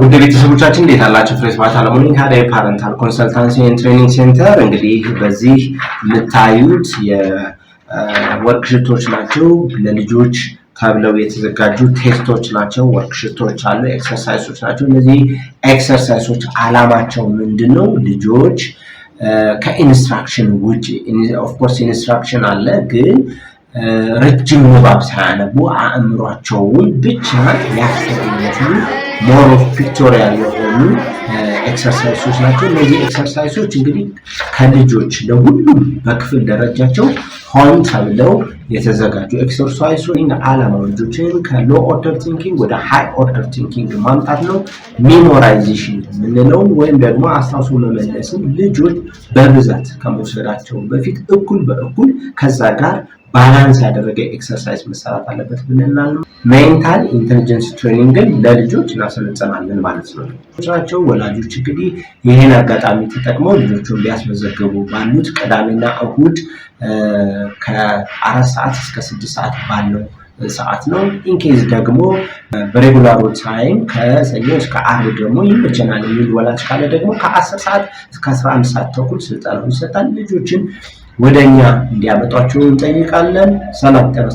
ውድ ቤተሰቦቻችን እንዴት አላችሁ? ፍሬስ ማታ ለሙኒን ታዲያ የፓረንታል ኮንሰልታንሲ ትሬኒንግ ሴንተር እንግዲህ በዚህ የምታዩት የወርክሽቶች ናቸው። ለልጆች ተብለው የተዘጋጁ ቴስቶች ናቸው። ወርክሽቶች አሉ፣ ኤክሰርሳይሶች ናቸው። እነዚህ ኤክሰርሳይሶች አላማቸው ምንድን ነው? ልጆች ከኢንስትራክሽን ውጭ ኦፍኮርስ ኢንስትራክሽን አለ ግን ረጅም ንባብ ሳያነቡ አእምሯቸውን ብቻ ሊያስተገኙ ሞር ኦፍ ፒክቶሪያል የሆኑ ኤክሰርሳይሶች uh, ናቸው። እነዚህ ኤክሰርሳይሶች እንግዲህ ከልጆች ለሁሉም በክፍል ደረጃቸው ሆን ተብለው የተዘጋጁ ኤክሰርሳይሱ አላማው ልጆችን ከሎ ኦርደር ቲንኪንግ ወደ ሃይ ኦርደር ቲንኪንግ ማምጣት ነው። ሚሞራይዜሽን የምንለው ወይም ደግሞ አስታውሶ መመለስም ልጆች በብዛት ከመውሰዳቸው በፊት እኩል በእኩል ከዛ ጋር ባላንስ ያደረገ ኤክሰርሳይዝ መሰራት አለበት ብለናል። ሜንታል ኢንቴሊጀንስ ትሬኒንግን ለልጆች እናሰለጠናለን ማለት ነው። ናቸው ወላጆች እንግዲህ ይህን አጋጣሚ ተጠቅመው ልጆቹን ሊያስመዘገቡ ባሉት ቅዳሜና እሁድ ከአራት ሰዓት እስከ ስድስት ሰዓት ባለው ሰዓት ነው። ኢንኬዝ ደግሞ በሬጉላሩ ታይም ከሰኞ እስከ አርብ ደግሞ ይመቸናል የሚል ወላጅ ካለ ደግሞ ከ ሰዓት እስከ 11 ሰዓት ተኩል ስልጠና ይሰጣል። ልጆችን ወደኛ እንዲያመጧቸው እንጠይቃለን። ሰላም ጠረስ